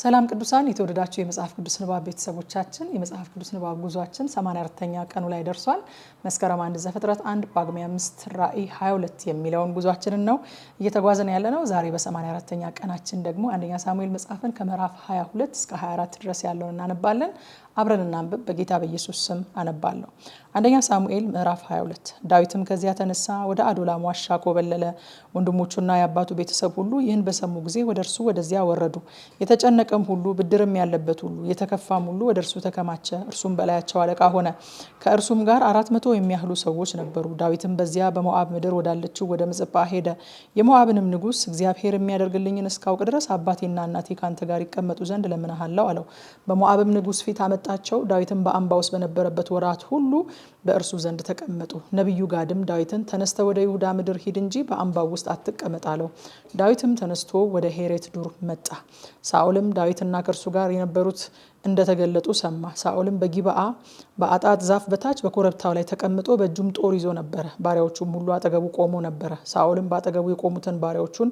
ሰላም ቅዱሳን የተወደዳቸው የመጽሐፍ ቅዱስ ንባብ ቤተሰቦቻችን የመጽሐፍ ቅዱስ ንባብ ጉዟችን 84ተኛ ቀኑ ላይ ደርሷል። መስከረም አንድ ዘፍጥረት አንድ ጳጉሜ አምስት ራእይ 22 የሚለውን ጉዟችንን ነው እየተጓዘን ያለ ነው። ዛሬ በ84ተኛ ቀናችን ደግሞ አንደኛ ሳሙኤል መጽሐፍን ከምዕራፍ 22 እስከ 24 ድረስ ያለውን እናነባለን። አብረን እናንብብ። በጌታ በኢየሱስ ስም አነባለሁ። አንደኛ ሳሙኤል ምዕራፍ 22 ዳዊትም ከዚያ ተነሳ፣ ወደ አዶላም ዋሻ ኮበለለ። ወንድሞቹና የአባቱ ቤተሰብ ሁሉ ይህን በሰሙ ጊዜ ወደ እርሱ ወደዚያ ወረዱ። የተጨነቀም ሁሉ ብድርም ያለበት ሁሉ የተከፋም ሁሉ ወደ እርሱ ተከማቸ። እርሱም በላያቸው አለቃ ሆነ። ከእርሱም ጋር አራት መቶ የሚያህሉ ሰዎች ነበሩ። ዳዊትም በዚያ በሞዓብ ምድር ወዳለችው ወደ ምጽጳ ሄደ። የሞዓብንም ንጉሥ እግዚአብሔር የሚያደርግልኝን እስካውቅ ድረስ አባቴና እናቴ ከአንተ ጋር ይቀመጡ ዘንድ ለምንሃለው አለው። በሞዓብም ንጉሥ ፊት ሰጣቸው። ዳዊትን በአምባ ውስጥ በነበረበት ወራት ሁሉ በእርሱ ዘንድ ተቀመጡ። ነቢዩ ጋድም ዳዊትን ተነስተ ወደ ይሁዳ ምድር ሂድ እንጂ በአምባው ውስጥ አትቀመጥ አለው። ዳዊትም ተነስቶ ወደ ሄሬት ዱር መጣ። ሳኦልም ዳዊትና ከእርሱ ጋር የነበሩት እንደተገለጡ ሰማ። ሳኦልም በጊባአ በአጣጥ ዛፍ በታች በኮረብታው ላይ ተቀምጦ በእጁም ጦር ይዞ ነበረ። ባሪያዎቹም ሁሉ አጠገቡ ቆሞ ነበረ። ሳኦልም በአጠገቡ የቆሙትን ባሪያዎቹን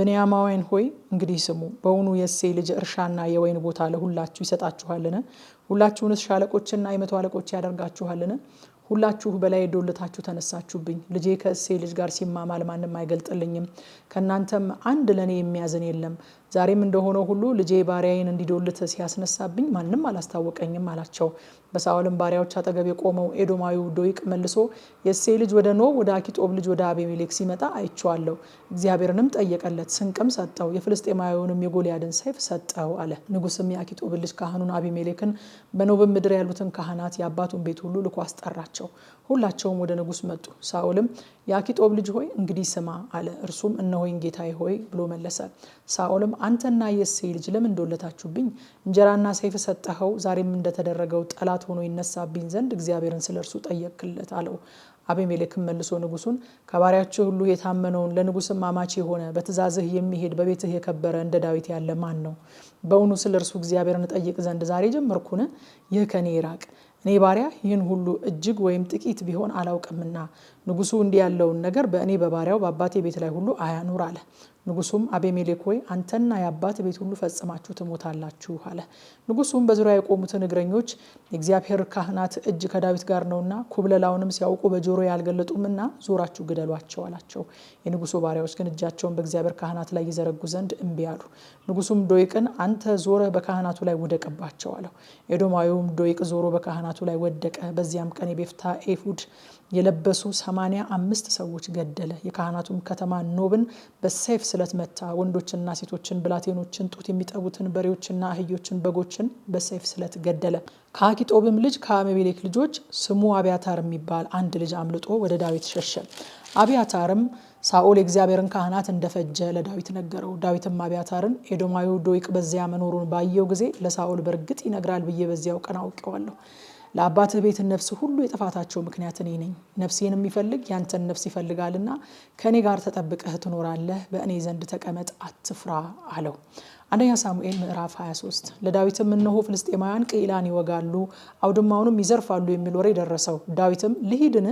ብንያማውያን ሆይ እንግዲህ ስሙ፣ በውኑ የሴ ልጅ እርሻና የወይን ቦታ ለሁላችሁ ይሰጣችኋልን? ሁላችሁንስ ሻለቆችና የመቶ አለቆች ያደርጋችኋልን? ሁላችሁ በላይ ዶልታችሁ ተነሳችሁብኝ። ልጄ ከእሴ ልጅ ጋር ሲማማል ማንም አይገልጥልኝም፣ ከእናንተም አንድ ለእኔ የሚያዝን የለም። ዛሬም እንደሆነ ሁሉ ልጄ ባሪያዬን እንዲዶልት ሲያስነሳብኝ ማንም አላስታወቀኝም አላቸው። በሳኦልም ባሪያዎች አጠገብ የቆመው ኤዶማዊው ዶይቅ መልሶ የእሴይ ልጅ ወደ ኖብ ወደ አኪጦብ ልጅ ወደ አቤሜሌክ ሲመጣ አይቼዋለሁ። እግዚአብሔርንም ጠየቀለት፣ ስንቅም ሰጠው፣ የፍልስጤማዊውንም የጎልያድን ሰይፍ ሰጠው አለ። ንጉስም የአኪጦብ ልጅ ካህኑን አቤሜሌክን በኖብም ምድር ያሉትን ካህናት የአባቱን ቤት ሁሉ ልኮ አስጠራቸው። ሁላቸውም ወደ ንጉስ መጡ። ሳኦልም የአኪጦብ ልጅ ሆይ እንግዲህ ስማ አለ። እርሱም እነሆኝ ጌታዬ ሆይ ብሎ መለሰ። ሳኦልም አንተና የእሴይ ልጅ ለምን እንደወለታችሁብኝ እንጀራና ሰይፍ ሰጠኸው፣ ዛሬም እንደተደረገው ጠላት ሆኖ ይነሳብኝ ዘንድ እግዚአብሔርን ስለ እርሱ ጠየቅክለት አለው። አቤሜሌክም መልሶ ንጉሱን ከባሪያችሁ ሁሉ የታመነውን ለንጉስም አማች የሆነ በትእዛዝህ የሚሄድ በቤትህ የከበረ እንደ ዳዊት ያለ ማን ነው? በእውኑ ስለ እርሱ እግዚአብሔርን ጠይቅ ዘንድ ዛሬ ጀመርኩን? ይህ ከኔ ይራቅ። እኔ ባሪያ ይህን ሁሉ እጅግ ወይም ጥቂት ቢሆን አላውቅምና ንጉሱ እንዲህ ያለውን ነገር በእኔ በባሪያው በአባቴ ቤት ላይ ሁሉ አያኑር አለ። ንጉሱም አቤሜሌክ ሆይ አንተና የአባት ቤት ሁሉ ፈጽማችሁ ትሞታላችሁ አለ። ንጉሱም በዙሪያ የቆሙትን እግረኞች የእግዚአብሔር ካህናት እጅ ከዳዊት ጋር ነውና ኩብለላውንም ሲያውቁ በጆሮ ያልገለጡምና ዞራችሁ ግደሏቸው አላቸው። የንጉሱ ባሪያዎች ግን እጃቸውን በእግዚአብሔር ካህናት ላይ ይዘረጉ ዘንድ እምቢ አሉ። ንጉሱም ዶይቅን አንተ ዞረ በካህናቱ ላይ ውደቅባቸው አለው። ኤዶማዊውም ዶይቅ ዞሮ በካህናቱ ላይ ወደቀ። በዚያም ቀን የቤፍታ ኤፉድ የለበሱ ሰማንያ አምስት ሰዎች ገደለ። የካህናቱም ከተማ ኖብን በሰይፍ ስለት መታ። ወንዶችና ሴቶችን፣ ብላቴኖችን፣ ጡት የሚጠቡትን በሬዎችና አህዮችን፣ በጎችን በሰይፍ ስለት ገደለ። ከአኪጦብም ልጅ ከአቤሜሌክ ልጆች ስሙ አብያታር የሚባል አንድ ልጅ አምልጦ ወደ ዳዊት ሸሸ። አብያታርም ሳኦል የእግዚአብሔርን ካህናት እንደፈጀ ለዳዊት ነገረው። ዳዊትም አብያታርን ኤዶማዊ ዶይቅ በዚያ መኖሩን ባየው ጊዜ ለሳኦል በእርግጥ ይነግራል ብዬ በዚያው ቀን አውቀዋለሁ ለአባት ቤትን ነፍስ ሁሉ የጥፋታቸው ምክንያት እኔ ነኝ። ነፍሴን የሚፈልግ ያንተን ነፍስ ይፈልጋልና ከእኔ ጋር ተጠብቀህ ትኖራለህ። በእኔ ዘንድ ተቀመጥ፣ አትፍራ አለው። አንደኛ ሳሙኤል ምዕራፍ 23 ለዳዊትም እነሆ ፍልስጤማውያን ቅኢላን ይወጋሉ፣ አውድማውንም ይዘርፋሉ የሚል ወሬ ደረሰው። ዳዊትም ልሂድን?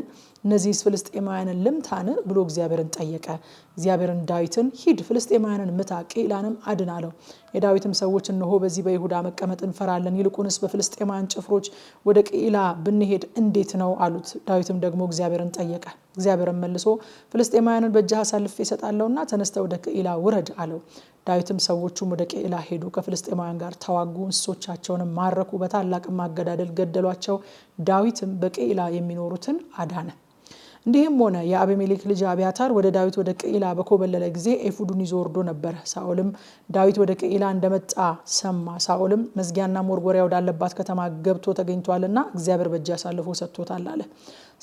እነዚህስ ፍልስጤማውያንን ልምታን? ብሎ እግዚአብሔርን ጠየቀ። እግዚአብሔርን ዳዊትን ሂድ፣ ፍልስጤማውያንን ምታ፣ ቅኢላንም አድን አለው። የዳዊትም ሰዎች እነሆ በዚህ በይሁዳ መቀመጥ እንፈራለን፣ ይልቁንስ በፍልስጤማውያን ጭፍሮች ወደ ቅኢላ ብንሄድ እንዴት ነው አሉት። ዳዊትም ደግሞ እግዚአብሔርን ጠየቀ። እግዚአብሔርን መልሶ ፍልስጤማውያንን በእጅህ አሳልፌ እሰጣለሁና ተነስተ ወደ ቅኢላ ውረድ አለው። ዳዊትም ሰዎቹም ወደ ቅኢላ ሄዱ፣ ከፍልስጤማውያን ጋር ተዋጉ፣ እንስሶቻቸውንም ማረኩ፣ በታላቅ ማገዳደል ገደሏቸው። ዳዊትም በቅኢላ የሚኖሩትን አዳነ። እንዲህም ሆነ የአቤሜሌክ ልጅ አብያታር ወደ ዳዊት ወደ ቅኢላ በኮበለለ ጊዜ ኤፉዱን ይዞ ወርዶ ነበር። ሳኦልም ዳዊት ወደ ቅኢላ እንደመጣ ሰማ። ሳኦልም መዝጊያና መወርወሪያ ወዳለባት ከተማ ገብቶ ተገኝቷልና እግዚአብሔር በእጅ አሳልፎ ሰጥቶታል አለ።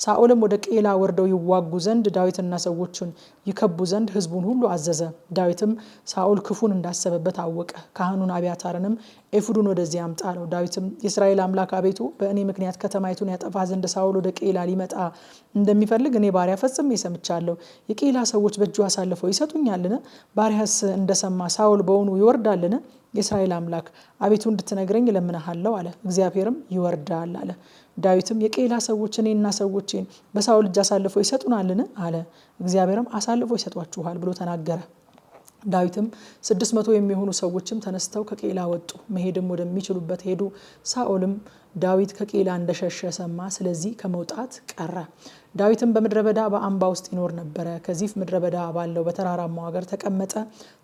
ሳኦልም ወደ ቄላ ወርደው ይዋጉ ዘንድ ዳዊትና ሰዎቹን ይከቡ ዘንድ ህዝቡን ሁሉ አዘዘ። ዳዊትም ሳኦል ክፉን እንዳሰበበት አወቀ። ካህኑን አብያታርንም ኤፉዱን ወደዚህ አምጣ አለው። ዳዊትም የእስራኤል አምላክ አቤቱ፣ በእኔ ምክንያት ከተማይቱን ያጠፋ ዘንድ ሳኦል ወደ ቄላ ሊመጣ እንደሚፈልግ እኔ ባሪያ ፈጽሜ ሰምቻለሁ። የቄላ ሰዎች በእጁ አሳልፈው ይሰጡኛልን? ባሪያስ እንደሰማ ሳኦል በውኑ ይወርዳልን? የእስራኤል አምላክ አቤቱ እንድትነግረኝ እለምንሃለሁ አለ። እግዚአብሔርም ይወርዳል አለ። ዳዊትም የቄላ ሰዎች እኔና ሰዎቼን በሳውል እጅ አሳልፎ ይሰጡናልን አለ። እግዚአብሔርም አሳልፎ ይሰጧችኋል ብሎ ተናገረ። ዳዊትም ስድስት መቶ የሚሆኑ ሰዎችም ተነስተው ከቄላ ወጡ፣ መሄድም ወደሚችሉበት ሄዱ። ሳኦልም ዳዊት ከቄላ እንደሸሸ ሰማ፣ ስለዚህ ከመውጣት ቀረ። ዳዊትም በምድረ በዳ በአምባ ውስጥ ይኖር ነበረ። ከዚፍ ምድረ በዳ ባለው በተራራማው ሀገር ተቀመጠ።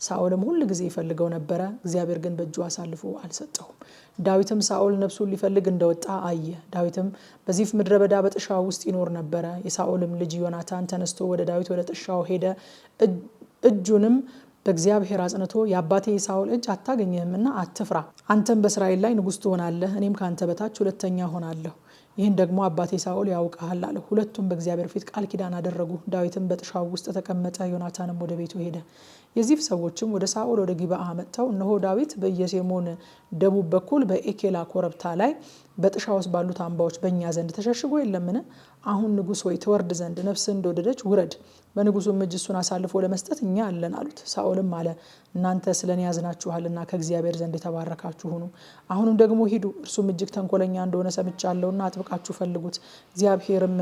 ሳኦልም ሁል ጊዜ ይፈልገው ነበረ፣ እግዚአብሔር ግን በእጁ አሳልፎ አልሰጠውም። ዳዊትም ሳኦል ነፍሱን ሊፈልግ እንደወጣ አየ። ዳዊትም በዚፍ ምድረ በዳ በጥሻ ውስጥ ይኖር ነበረ። የሳኦልም ልጅ ዮናታን ተነስቶ ወደ ዳዊት ወደ ጥሻው ሄደ እጁንም በእግዚአብሔር አጽንቶ የአባቴ የሳውል እጅ አታገኘህምና አትፍራ። አንተም በእስራኤል ላይ ንጉሥ ትሆናለህ፣ እኔም ከአንተ በታች ሁለተኛ ሆናለሁ። ይህን ደግሞ አባቴ ሳኦል ያውቀሃል አለ። ሁለቱም በእግዚአብሔር ፊት ቃል ኪዳን አደረጉ። ዳዊትም በጥሻው ውስጥ ተቀመጠ፣ ዮናታንም ወደ ቤቱ ሄደ። የዚፍ ሰዎችም ወደ ሳኦል ወደ ጊባአ መጥተው እነሆ ዳዊት በየሴሞን ደቡብ በኩል በኤኬላ ኮረብታ ላይ በጥሻ ውስጥ ባሉት አምባዎች በእኛ ዘንድ ተሸሽጎ የለምን? አሁን ንጉሥ ሆይ ትወርድ ዘንድ ነፍስ እንደወደደች ውረድ በንጉሱም እጅ እሱን አሳልፎ ለመስጠት እኛ አለን አሉት። ሳኦልም አለ እናንተ ስለ እኔ ያዝናችኋልና ከእግዚአብሔር ዘንድ የተባረካችሁ ሁኑ። አሁንም ደግሞ ሂዱ፣ እርሱም እጅግ ተንኮለኛ እንደሆነ ሰምቻለሁና አጥብቃችሁ ፈልጉት። እግዚአብሔርም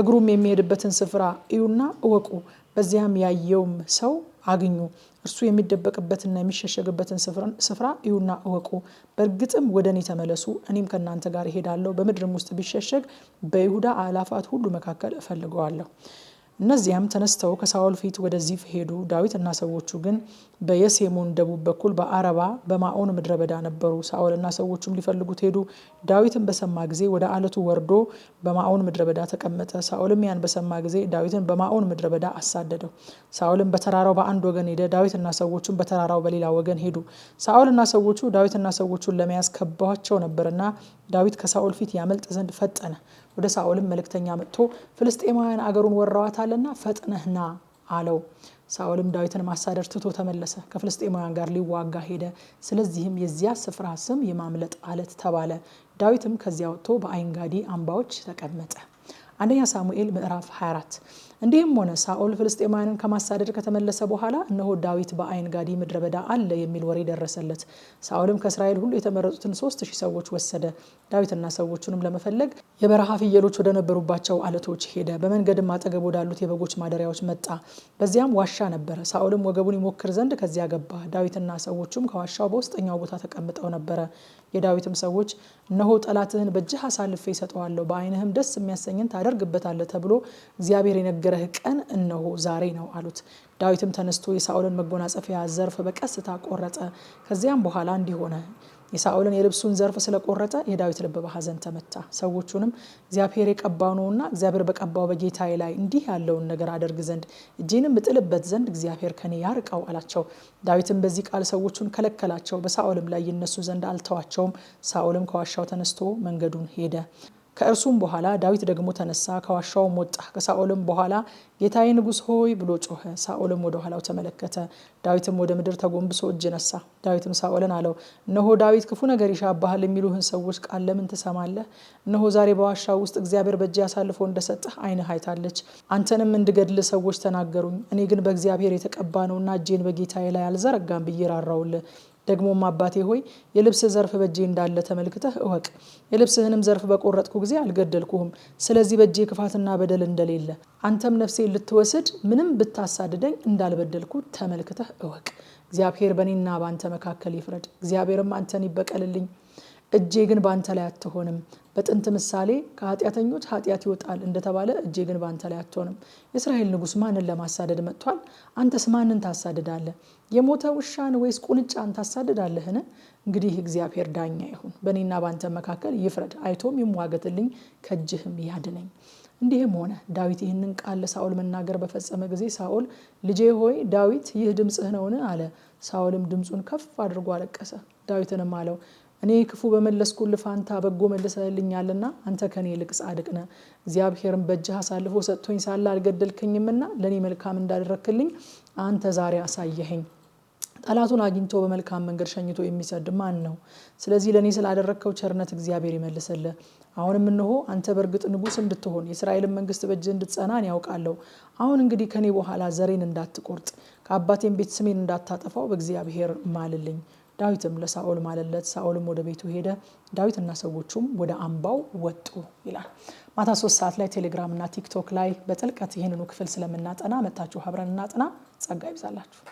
እግሩም የሚሄድበትን ስፍራ እዩና እወቁ፣ በዚያም ያየውም ሰው አግኙ። እርሱ የሚደበቅበትና የሚሸሸግበትን ስፍራ እዩና እወቁ። በእርግጥም ወደ እኔ ተመለሱ፣ እኔም ከእናንተ ጋር እሄዳለሁ። በምድርም ውስጥ ቢሸሸግ በይሁዳ አላፋት ሁሉ መካከል እፈልገዋለሁ። እነዚያም ተነስተው ከሳኦል ፊት ወደዚፍ ሄዱ። ዳዊት እና ሰዎቹ ግን በየሴሞን ደቡብ በኩል በአረባ በማኦን ምድረ በዳ ነበሩ። እና ሰዎቹም ሊፈልጉት ሄዱ። ዳዊትን በሰማ ጊዜ ወደ አለቱ ወርዶ በማኦን ምድረ በዳ ተቀመጠ። ሳኦልም ያን በሰማ ጊዜ ዳዊትን በማኦን ምድረ በዳ አሳደደው። ሳኦልም በተራራው በአንድ ወገን ሄደ፣ ዳዊትና ሰዎቹም በተራራው በሌላ ወገን ሄዱ። ሳኦልና ሰዎቹ ዳዊትና ሰዎቹን ለመያዝ ከበዋቸው ነበርና ዳዊት ከሳኦል ፊት ያመልጥ ዘንድ ፈጠነ። ወደ ሳኦልም መልእክተኛ መጥቶ ፍልስጤማውያን አገሩን ወረዋታልና ፈጥነህና አለው። ሳኦልም ዳዊትን ማሳደር ትቶ ተመለሰ፣ ከፍልስጤማውያን ጋር ሊዋጋ ሄደ። ስለዚህም የዚያ ስፍራ ስም የማምለጥ አለት ተባለ። ዳዊትም ከዚያ ወጥቶ በአይንጋዲ አምባዎች ተቀመጠ። አንደኛ ሳሙኤል ምዕራፍ 24 እንዲህም ሆነ ሳኦል ፍልስጤማውያንን ከማሳደድ ከተመለሰ በኋላ እነሆ ዳዊት በአይን ጋዲ ምድረ በዳ አለ የሚል ወሬ ደረሰለት። ሳኦልም ከእስራኤል ሁሉ የተመረጡትን ሶስት ሺህ ሰዎች ወሰደ። ዳዊትና ሰዎቹንም ለመፈለግ የበረሃ ፍየሎች ወደነበሩባቸው አለቶች ሄደ። በመንገድም አጠገብ ወዳሉት የበጎች ማደሪያዎች መጣ። በዚያም ዋሻ ነበረ። ሳኦልም ወገቡን ይሞክር ዘንድ ከዚያ ገባ። ዳዊትና ሰዎቹም ከዋሻው በውስጠኛው ቦታ ተቀምጠው ነበረ። የዳዊትም ሰዎች እነሆ ጠላትህን በእጅህ አሳልፌ ይሰጠዋለሁ፣ በዓይንህም ደስ የሚያሰኝን ታደርግበታለህ ተብሎ እግዚአብሔር የነገረህ ቀን እነሆ ዛሬ ነው አሉት። ዳዊትም ተነስቶ የሳኦልን መጎናጸፊያ ዘርፍ በቀስታ ቆረጠ። ከዚያም በኋላ እንዲሆነ ሆነ። የሳኦልን የልብሱን ዘርፍ ስለቆረጠ የዳዊት ልብ በሐዘን ተመታ። ሰዎቹንም እግዚአብሔር የቀባው ነውና እግዚአብሔር በቀባው በጌታዬ ላይ እንዲህ ያለውን ነገር አደርግ ዘንድ እጄንም እጥልበት ዘንድ እግዚአብሔር ከኔ ያርቀው አላቸው። ዳዊትም በዚህ ቃል ሰዎቹን ከለከላቸው፣ በሳኦልም ላይ ይነሱ ዘንድ አልተዋቸውም። ሳኦልም ከዋሻው ተነስቶ መንገዱን ሄደ። ከእርሱም በኋላ ዳዊት ደግሞ ተነሳ፣ ከዋሻውም ወጣ። ከሳኦልም በኋላ ጌታዬ ንጉሥ ሆይ ብሎ ጮኸ። ሳኦልም ወደ ኋላው ተመለከተ፣ ዳዊትም ወደ ምድር ተጎንብሶ እጅ ነሳ። ዳዊትም ሳኦልን አለው፣ እነሆ ዳዊት ክፉ ነገር ይሻብሃል የሚሉህን ሰዎች ቃል ለምን ትሰማለህ? እነሆ ዛሬ በዋሻ ውስጥ እግዚአብሔር በእጅ አሳልፎ እንደሰጠህ ዓይንህ አይታለች። አንተንም እንድገድል ሰዎች ተናገሩኝ። እኔ ግን በእግዚአብሔር የተቀባ ነውና እጄን በጌታዬ ላይ አልዘረጋም ብዬ ራራውልህ። ደግሞም አባቴ ሆይ የልብስ ዘርፍ በእጄ እንዳለ ተመልክተህ እወቅ። የልብስህንም ዘርፍ በቆረጥኩ ጊዜ አልገደልኩህም። ስለዚህ በእጄ ክፋትና በደል እንደሌለ አንተም ነፍሴ ልትወስድ ምንም ብታሳድደኝ እንዳልበደልኩ ተመልክተህ እወቅ። እግዚአብሔር በእኔና በአንተ መካከል ይፍረድ፣ እግዚአብሔርም አንተን ይበቀልልኝ። እጄ ግን በአንተ ላይ አትሆንም። በጥንት ምሳሌ ከኃጢአተኞች ኃጢአት ይወጣል እንደተባለ እጄ ግን በአንተ ላይ አትሆንም። የእስራኤል ንጉስ ማንን ለማሳደድ መጥቷል? አንተስ ማንን ታሳድዳለህ? የሞተ ውሻን ወይስ ቁንጫን ታሳድዳለህን? እንግዲህ እግዚአብሔር ዳኛ ይሁን፣ በእኔና በአንተ መካከል ይፍረድ፣ አይቶም ይሟገትልኝ፣ ከእጅህም ያድነኝ። እንዲህም ሆነ ዳዊት ይህንን ቃል ለሳኦል መናገር በፈጸመ ጊዜ ሳኦል ልጄ ሆይ ዳዊት ይህ ድምፅህ ነውን? አለ። ሳኦልም ድምፁን ከፍ አድርጎ አለቀሰ። ዳዊትንም አለው እኔ ክፉ በመለስኩልህ ፋንታ በጎ መልሰህልኛልና አንተ ከኔ ይልቅ ጻድቅ ነ እግዚአብሔርን በእጅህ አሳልፎ ሰጥቶኝ ሳለ አልገደልከኝምና ለእኔ መልካም እንዳደረክልኝ አንተ ዛሬ አሳየኸኝ። ጠላቱን አግኝቶ በመልካም መንገድ ሸኝቶ የሚሰድ ማን ነው? ስለዚህ ለእኔ ስላደረግከው ቸርነት እግዚአብሔር ይመልስልህ። አሁንም እንሆ አንተ በእርግጥ ንጉስ እንድትሆን የእስራኤልን መንግስት በእጅ እንድትጸናን ያውቃለሁ። አሁን እንግዲህ ከኔ በኋላ ዘሬን እንዳትቆርጥ ከአባቴም ቤት ስሜን እንዳታጠፋው በእግዚአብሔር ማልልኝ። ዳዊትም ለሳኦል ማለለት፣ ሳኦልም ወደ ቤቱ ሄደ፣ ዳዊትና ሰዎቹም ወደ አምባው ወጡ ይላል። ማታ ሶስት ሰዓት ላይ ቴሌግራምና ቲክቶክ ላይ በጥልቀት ይህንኑ ክፍል ስለምናጠና መታችሁ አብረን እናጥና። ጸጋ ይብዛላችሁ።